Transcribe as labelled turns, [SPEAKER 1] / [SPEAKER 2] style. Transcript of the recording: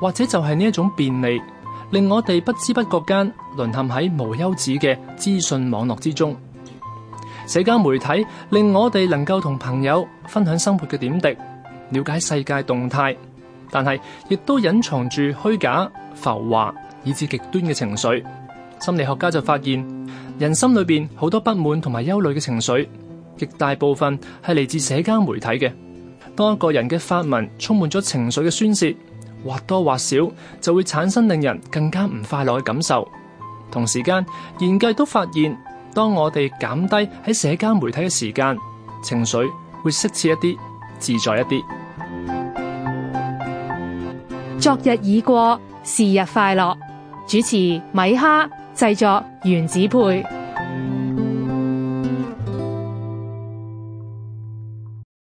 [SPEAKER 1] 或者就係呢一種便利，令我哋不知不覺間淪陷喺無休止嘅資訊網絡之中。社交媒體令我哋能夠同朋友分享生活嘅點滴，了解世界動態，但係亦都隱藏住虛假、浮華以至極端嘅情緒。心理學家就發現，人心裏邊好多不滿同埋憂慮嘅情緒，極大部分係嚟自社交媒體嘅。當一個人嘅發文充滿咗情緒嘅宣洩。或多或少就會產生令人更加唔快樂嘅感受。同時間，研究都發現，當我哋減低喺社交媒體嘅時間，情緒會適切一啲，自在一啲。
[SPEAKER 2] 昨日已過，是日快樂。主持米哈，製作原子配。